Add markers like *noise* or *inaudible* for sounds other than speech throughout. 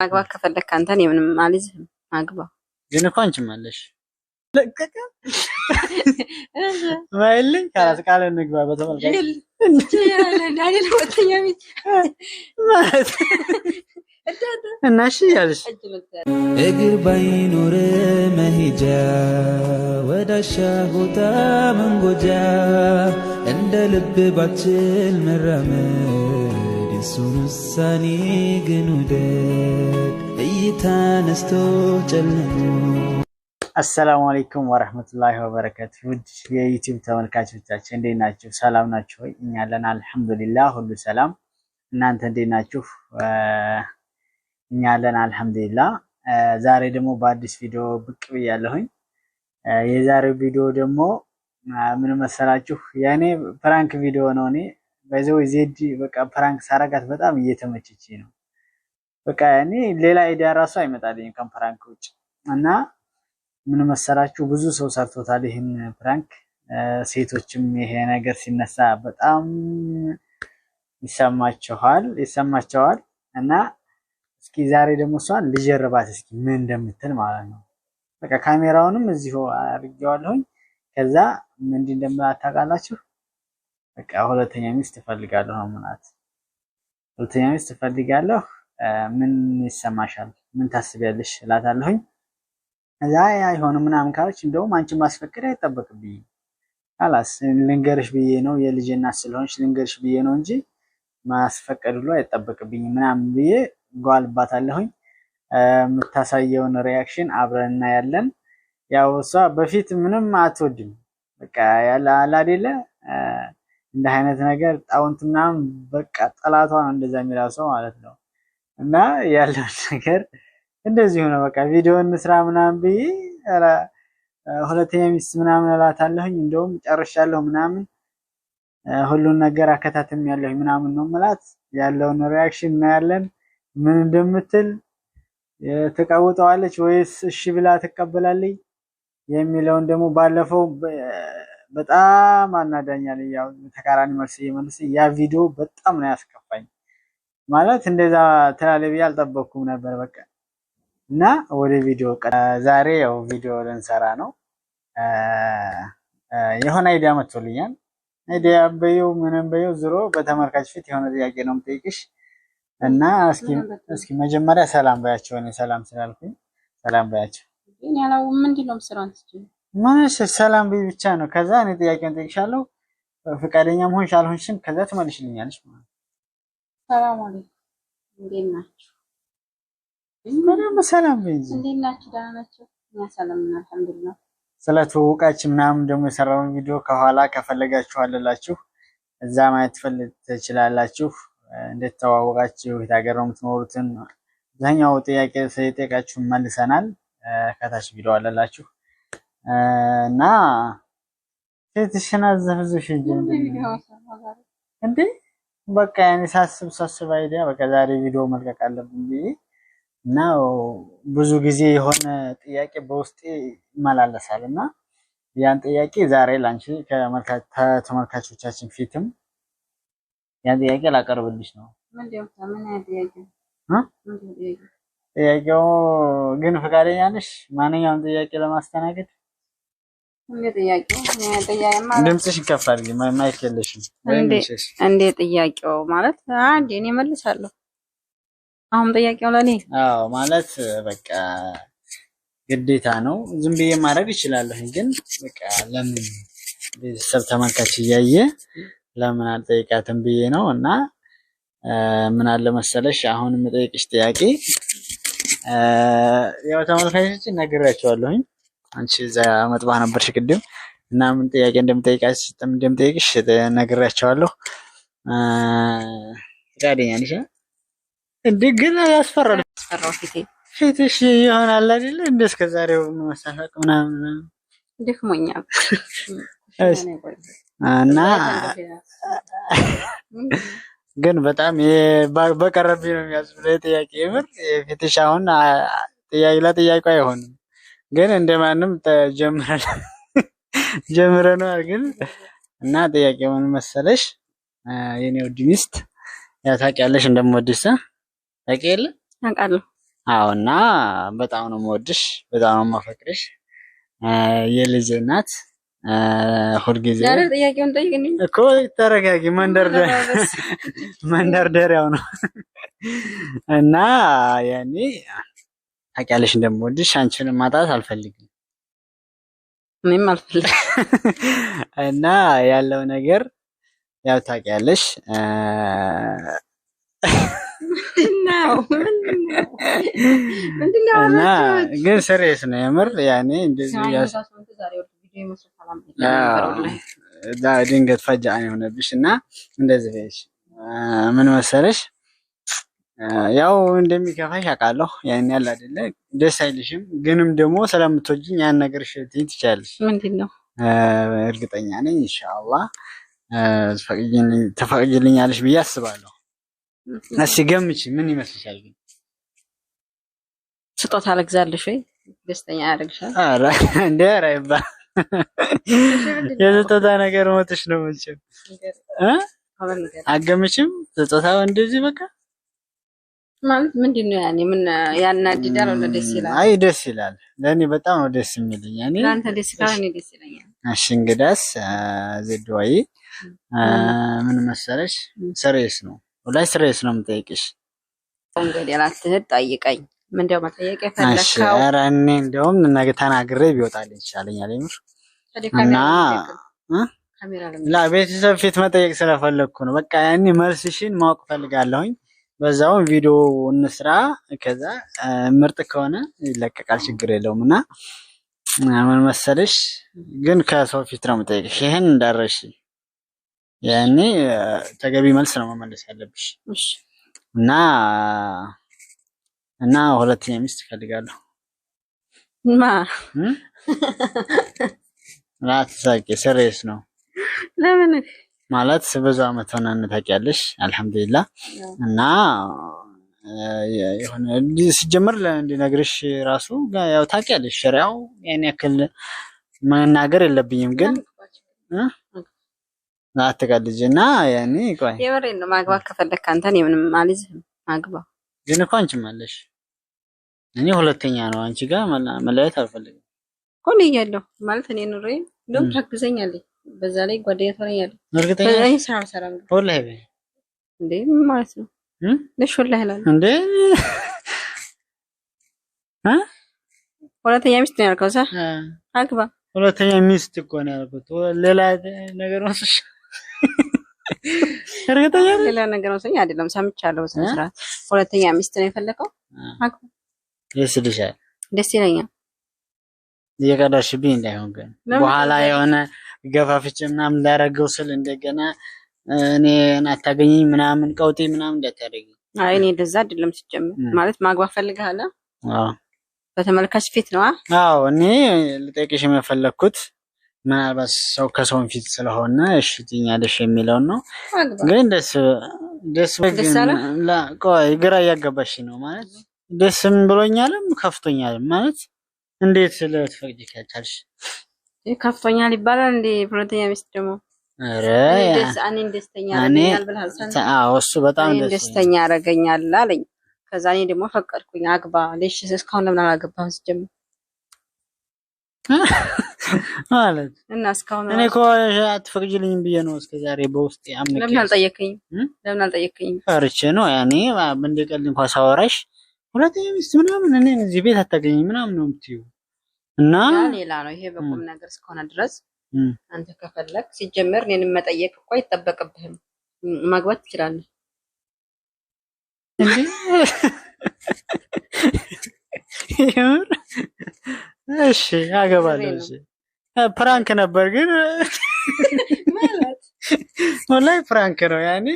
ማግባት ከፈለክ አንተን የምንም አልይዝህም። ማግባ ግን እኮ አንቺም አለሽ ለቀቀም ካላስ ቃል እንግባ በተመልካች እና እሺ እግር ባይኖር መሄጃ ወዳሻ ቦታ መንጎጃ እንደ ልብ ባችል መራመድ የእሱን ውሳኔ ግን ውደድ እይታ ነስቶ ጨልሞ። አሰላሙ አሌይኩም ወረህመቱላሂ ወበረከቱ። ውድ የዩቲዩብ ተመልካቾቻችን እንዴት ናችሁ? ሰላም ናችሁ ወይ? እኛ አለን አልሐምዱሊላህ፣ ሁሉ ሰላም። እናንተ እንዴት ናችሁ? እኛ አለን አልሐምዱሊላህ። ዛሬ ደግሞ በአዲስ ቪዲዮ ብቅ ብያለሁኝ። የዛሬው ቪዲዮ ደግሞ ምን መሰላችሁ? ያኔ ፕራንክ ቪዲዮ ነው እኔ ባይዘው ዜድ በቃ ፕራንክ ሳረጋት በጣም እየተመቸች ነው። በቃ እኔ ሌላ አይዲያ ራሱ አይመጣልኝ ከፕራንክ ውጭ እና ምን መሰላችሁ ብዙ ሰው ሰርቶታል ይህን ፕራንክ። ሴቶችም ይሄ ነገር ሲነሳ በጣም ይሰማቸዋል ይሰማቸዋል እና እስኪ ዛሬ ደግሞ እሷን ልጀርባት እስኪ ምን እንደምትል ማለት ነው። በቃ ካሜራውንም እዚሁ አድርጌዋለሁኝ። ከዛ ምንድን እንደምላታውቃላችሁ በቃ ሁለተኛ ሚስት እፈልጋለሁ ነው ምናት። ሁለተኛ ሚስት እፈልጋለሁ፣ ምን ይሰማሻል? ምን ታስቢያለሽ? እላታለሁኝ። እዛ አይሆንም ምናምን ካለች እንደውም አንቺ ማስፈቀድ አይጠበቅብኝ አላስ ልንገርሽ ብዬ ነው የልጅ እናት ስለሆንሽ ልንገርሽ ብዬ ነው እንጂ ማስፈቀድ ብሎ አይጠበቅብኝ ምናምን ብዬ ጓልባታለሁኝ። የምታሳየውን ሪያክሽን አብረን እናያለን። ያው እሷ በፊት ምንም አትወድም በቃ ያለ አላደለ እንደ አይነት ነገር ጣውንት በቃ ጠላቷ ነው እንደዛ የሚላሰው ሰው ማለት ነው። እና ያለውን *laughs* ነገር እንደዚሁ ነው። በቃ ቪዲዮ እንስራ ምናምን ብዬ ሁለተኛ ሚስት ምናምን እላታለሁኝ። እንደውም ጨርሻለሁ ምናምን ሁሉን ነገር አከታተም ያለሁኝ ምናምን ነው ምላት። ያለውን ሪያክሽን እናያለን ምን እንደምትል ትቀውጠዋለች ወይስ እሺ ብላ ትቀበላለች የሚለውን ደግሞ ባለፈው በጣም አናዳኛል። ያው ተቃራኒ መልስ እየመልስ ያ ቪዲዮ በጣም ነው ያስከፋኝ። ማለት እንደዛ ትላለህ ብዬ አልጠበኩም ነበር። በቃ እና ወደ ቪዲዮ ዛሬ ያው ቪዲዮ ልንሰራ ነው። የሆነ አይዲያ መጥቶልኛል። አይዲያ በየው ምንም በየው ዝሮ በተመልካች ፊት የሆነ ጥያቄ ነው የምጠይቅሽ እና እስኪ እስኪ መጀመሪያ ሰላም ባያቸው፣ ሰላም ስላልኩኝ ሰላም ባያቸው። ምንድን ነው የምትሰራው? ምንሽ ሰላም ብይ ብቻ ነው። ከዛ እኔ ጥያቄውን ጠይቅሻለሁ፣ ፈቃደኛ መሆንሽ አልሆንሽም፣ ከዛ ትመልሽልኛለሽ ማለት ነው። ሰላም አለይኩም፣ እንዴት ናችሁ? ምንም ሰላም ብይ እንዴት ናችሁ? ደህና ናችሁ? እኛ ሰላም ነን አልሐምዱሊላህ። ስለ ትውውቃችን ምናምን ደግሞ የሰራውን ቪዲዮ ከኋላ ከፈለጋችሁ አለላችሁ፣ እዛ ማየት ትችላላችሁ። እንዴት ተዋወቃችሁ? የት ሀገር ነው የምትኖሩትን አብዛኛው ጥያቄ ስለጠየቃችሁ መልሰናል። ከታች ቪዲዮ አለላችሁ እና ሴትሽን አዘፍዝሽ እንጂ እንዴ በቃ ያኔ ሳስብ ሳስብ አይዲያ በቃ ዛሬ ቪዲዮ መልቀቅ አለብኝ ብዬ እና ብዙ ጊዜ የሆነ ጥያቄ በውስጤ ይመላለሳል እና ያን ጥያቄ ዛሬ ላንቺ ከተመልካቾቻችን ፊትም ያን ጥያቄ ላቀርብልሽ ነው። ጥያቄው ግን ፈቃደኛ ነሽ? ማንኛውም ጥያቄ ለማስተናገድ ድምፅሽ ይከፋል፣ ማይክ የለሽም። እንዴ ጥያቄው ማለት አንዴ እኔ መልሳለሁ። አሁን ጥያቄው ለኔ አዎ፣ ማለት በቃ ግዴታ ነው። ዝም ብዬ ማድረግ እችላለሁ፣ ግን በቃ ለምን ቤተሰብ ተመልካች እያየ ለምን አልጠይቃትም ብዬ ነው። እና ምን አለ መሰለሽ አሁን የምጠይቅሽ ጥያቄ ያው ተመልካቾች ነግሬያቸዋለሁኝ አንቺ እዛ መጥባህ ነበርሽ ቅድም እና ምን ጥያቄ እንደምጠይቅሽ ነግሬያቸዋለሁ። ፈቃደኛ ነሽ? እንደ ግን ያስፈራል። ያስፈራው ፊቴ ፊትሽ ይሆናል አይደለ? እንደ እስከ ዛሬው መሳሳቅ ምናምን ደክሞኛል *laughs* እና *laughs* ግን በጣም በቀረብኝ ነው የሚያስብለው ጥያቄ። የምር ፊትሽ አሁን ጥያቄ ለጥያቄ አይሆንም ግን እንደማንም ጀምረናል። *laughs* ግን እና ጥያቄ ምን መሰለሽ የኔ ውድ ሚስት ያው ታውቂያለሽ እንደምወድሽ ታውቂ የለ አውቃለሁ። አዎ እና በጣም ነው የምወድሽ፣ በጣም ነው የማፈቅርሽ የልጄ እናት ሁልጊዜ እኮ ተረጋጊ፣ *laughs* መንደርደሪያው ነው *laughs* እና ያኔ ታውቂያለሽ እንደምወድሽ አንቺንም ማጣት አልፈልግም። እኔም አልፈልግም *laughs* እና ያለው ነገር ያው ታውቂያለሽ እና ግን ስሬስ ነው የምር ያኔ እንደዚህ ድንገት ፈጃ የሆነብሽ እና እንደዚህ ምን መሰለሽ ያው እንደሚከፋሽ አውቃለሁ። ያን ያለ አይደለ ደስ አይልሽም፣ ግንም ደግሞ ስለምትወጂኝ ያን ነገር ትይ ትችያለሽ። ምንድን ነው እርግጠኛ ነኝ ኢንሻአላህ ትፈቅጂልኛለሽ ብዬ አስባለሁ። እስኪ ገምቺ፣ ምን ይመስልሻል? ግን ስጦታ አለግዛለሽ ወይ ደስተኛ ያደርግሻል? እንደ ኧረ ይባል የስጦታ ነገር ሞትሽ ነው መቼም አገምችም ስጦታ እንደዚህ በቃ ማለት ምንድን ነው? ያኔ ምን ያናድዳል? ወደ ደስ ይላል። አይ ደስ ይላል። ለእኔ በጣም ነው ደስ የሚልኝ። ያኔ ለአንተ ደስ ካለ እኔ ደስ ይለኛል። እሺ እንግዳስ ዜድዋይ ምን መሰለሽ፣ ስሬስ ነው ወላይ ስሬስ ነው የምጠይቅሽ። እንግዲህ ላትህድ ጠይቀኝ። ምንድነው መጠየቅ የፈለከው? ኧረ እኔ እንደውም ነገ ተናግሬ ቢወጣል ይቻለኛል። ይምር እና ላ ቤተሰብ ፊት መጠየቅ ስለፈለግኩ ነው። በቃ ያኔ መልስሽን ማወቅ ፈልጋለሁኝ። በዛውም ቪዲዮ እንስራ። ከዛ ምርጥ ከሆነ ይለቀቃል፣ ችግር የለውም። እና ምን መሰለሽ ግን ከሰው ፊት ነው የምጠይቅሽ። ይህን እንዳረሽ ያኔ ተገቢ መልስ ነው መመለስ ያለብሽ። እና እና ሁለተኛ ሚስት እፈልጋለሁ። ማ ራት ሳቂ ስሬስ ነው ለምን ማለት በዛ ዓመት ሆነን ታውቂያለሽ። አልሐምዱሊላህ እና የሆነ ሲጀምር እንዲነግርሽ ራሱ ያው ታቂያለሽ ሸሪያው ያን ያክል መናገር የለብኝም ግን አትቀልጅ እና ያኔ ቆይ የምሬን ነው። ማግባ ከፈለክ አንተን የምንም አልይዝህም። ማግባ ግን እኮ አንቺም አለሽ። እኔ ሁለተኛ ነው አንቺ ጋር መለያየት አልፈልግም እኮ እኔ እያለሁ ማለት እኔ ኑሬ እንደውም ታግዘኛለች በዛ ላይ ጓደኛ ትሆነኛለህ። እርግጠኛ ነኝ ስራ አልሰራም። ወላሂ በይ እንዴ! ምን ማለት ነው? እሺ ወላሂ እላለሁ እንዴ! ሁለተኛ ሚስት ነው ያልከው? እዛ አግባ። ሁለተኛ ሚስት እኮ ነው ያልኩት። ሌላ ነገር ወስሽ *laughs* እርግጠኛ ነኝ ሌላ ነገር ወስኝ አይደለም። ሰምቻለሁ። ስነ ስርዓት ሁለተኛ ሚስት ነው የፈለከው? አግባ። ደስ ይልሻል? ደስ ይለኛል። እየቀዳሽብኝ እንዳይሆን ግን በኋላ የሆነ ገፋፍቼ ምናምን ላረገው ስል እንደገና እኔን አታገኘኝ ምናምን ቀውጤ ምናምን እንዳታደርጊ። አይ እኔ እንደዛ አይደለም ሲጀምር ማለት ማግባት ፈልጋለ። አዎ በተመልካች ፊት ነው። አዎ እኔ ልጠይቅሽ የፈለግኩት ምናልባት ሰው ከሰውን ፊት ስለሆነ እሺ ትኛለሽ የሚለውን ነው። ግን ደስ ደስ ቆይ ግራ እያገባሽ ነው ማለት ደስም ብሎኛልም ከፍቶኛልም ማለት እንዴት ስለትፈቅጂ ካልቻልሽ ከፍቶኛል ይባላል። እንደ ሁለተኛ ሚስት ደግሞ እኔን ደስተኛ እሱ በጣም ደስተኛ ያደርገኛል አለኝ። ከዛ እኔ ደግሞ ፈቀድኩኝ አግባ ልሽ እስካሁን ለምን አላገባህም ስጀምር *laughs* ማለት እና እስካሁን እኔ እኮ አትፈቅጂልኝም ብዬ ነው እስከ ዛሬ በውስጥ አምልክ። ለምን አልጠየከኝም? ለምን አልጠየከኝም? ፈርቼ ነው ያኔ እንደቀልድ እንኳን ሳወራሽ ሁለተኛ ሚስት ምናምን እኔ እዚህ ቤት አታገኝም ምናምን ነው የምትይው እና ሌላ ነው ይሄ። በቁም ነገር እስከሆነ ድረስ አንተ ከፈለግ ሲጀመር እኔንም መጠየቅ እኮ አይጠበቅብህም። ማግባት ትችላለህ። እሺ፣ አገባለሁ። እሺ፣ ፕራንክ ነበር ግን ማለት ፕራንክ ነው። ያኔ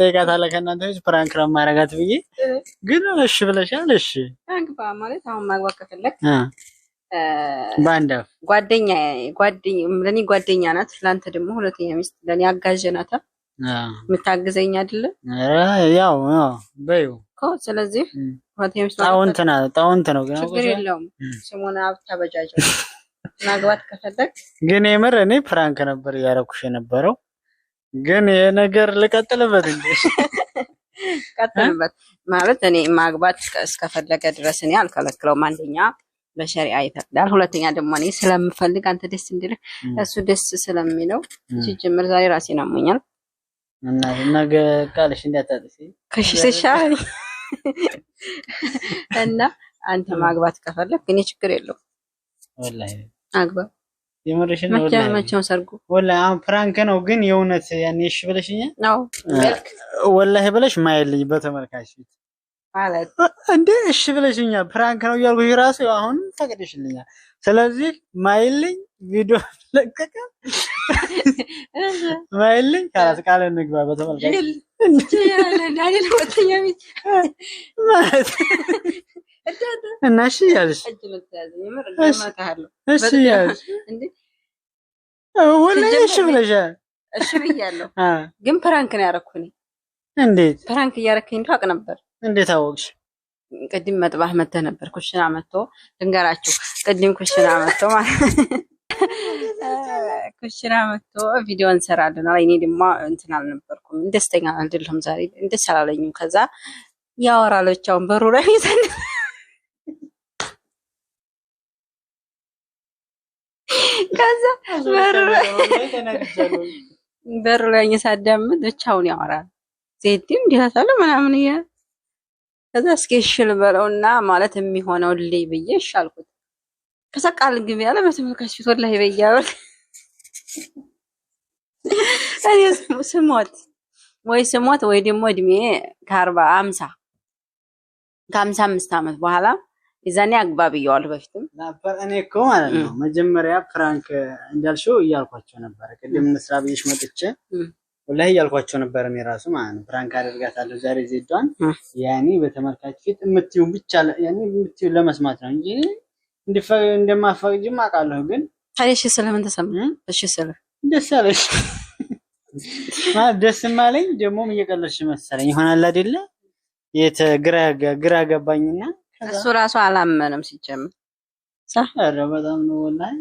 ጠይቃታለሁ ከእናንተ ልጅ ፕራንክ ነው ማረጋት ብዬ ግን እሺ ብለሻል። እሺ፣ አግባ ማለት አሁን ማግባት ከፈለግ በአንድ ጓደኛ ለእኔ ጓደኛ ናት። ለአንተ ደግሞ ሁለተኛ ሚስት ለኔ አጋዥ ናት። የምታግዘኝ አይደለ? ያው በይው። ስለዚህ ሁለተኛ ሚስት ጣውንት ነው፣ ችግር የለውም። ስሙን አብታ በጃጅ ማግባት ከፈለግ ግን የምር እኔ ፕራንክ ነበር እያረኩሽ የነበረው። ግን የነገር ልቀጥልበት እንዴ? *laughs* ቀጥልበት ማለት እኔ ማግባት እስከፈለገ ድረስ እኔ አልከለክለውም። አንደኛ በሸሪያ ይፈቅዳል። ሁለተኛ ደግሞ እኔ ስለምፈልግ አንተ ደስ እንዲልህ እሱ ደስ ስለሚለው ሲጀምር ዛሬ ራሴን አሞኛል እና ነገ ቃልሽ እንዳታጥፊ ከሽሻይ እና አንተ ማግባት ከፈለክ እኔ ችግር የለው ወላሂ አግባ የመረሽን ወላሂ መቼም ሰርጉ ወላሂ አሁን ፍራንክ ነው፣ ግን የእውነት ያኔ እሺ ብለሽኛል። አዎ ወላሂ ብለሽ ማይልኝ በተመልካች ፊት ማለት እንዴ? እሺ ብለሽኛ ፕራንክ ነው እያልኩ ራሱ አሁን ፈቅደሽልኛል። ስለዚህ ማይልኝ ቪዲዮ ለቀቀ ማይልኝ ካላስ ቃል እንግባ። በተመልካች እና እሺ እያልሽ እሺ እያልሽ ወላሂ እሺ ብለሻል። እሺ ብያለሁ፣ ግን ፕራንክ ነው ያደረኩት እንዴት ፕራንክ እያደረከኝ እንደው አውቅ ነበር እንዴት አወቅሽ? ቅድም መጥባህ መተ ነበር። ኩሽና መጥቶ ልንገራችሁ፣ ቅድም ኩሽና መጥቶ ማለት *laughs* ኩሽና መጥቶ ቪዲዮ እንሰራለን። እኔ ድማ እንትን አልነበርኩም፣ ደስተኛ አይደለሁም፣ ዛሬ ደስ አላለኝም። ከዛ ያወራሎቻውን በሩ ላይ ይዘን *laughs* ከዛ በሩ ላይ በሩ ላይ እየሳዳምጥ ብቻውን ያወራል። ዜድም ዲያሳለ ምናምን እያለ ከዛ እስኪ ሽልበለውና ማለት የሚሆነው ልይ ብዬ ሻልኩት። ከዛ ቃል ግቢ ያለ በተመልካች ፊት ወላሂ በያበል እኔ ስሞት ወይ ስሞት ወይ ደግሞ እድሜ ከአርባ አምሳ ከአምሳ አምስት ዓመት በኋላ የዛኔ አግባብ ብየዋለሁ። በፊትም ነበር እኔ እኮ ማለት ነው መጀመሪያ ፕራንክ እንዳልሽው እያልኳቸው ነበረ ቅድም እንስራ ብዬሽ መጥቼ ወላሂ እያልኳቸው ነበር። እኔ ራሱ ማለት ነው ፕራንክ አደርጋታለሁ ዛሬ ዜዷን፣ ያኔ በተመልካች ፊት የምትዩን ብቻ ያኔ የምትዩን ለመስማት ነው እንጂ እንደማፈቅጅም አውቃለሁ። ግን ታዲያ እሺ ስልህ ተሰማ? እሺ ስልህ ደስ አለሽ ማለት ደስ ማለኝ ደግሞም እየቀለድሽ መሰለኝ ይሆናል አይደለ? ግራ ገባኝና እሱ ራሱ አላመነም ሲጀምር። ኧረ በጣም ነው ወላሂ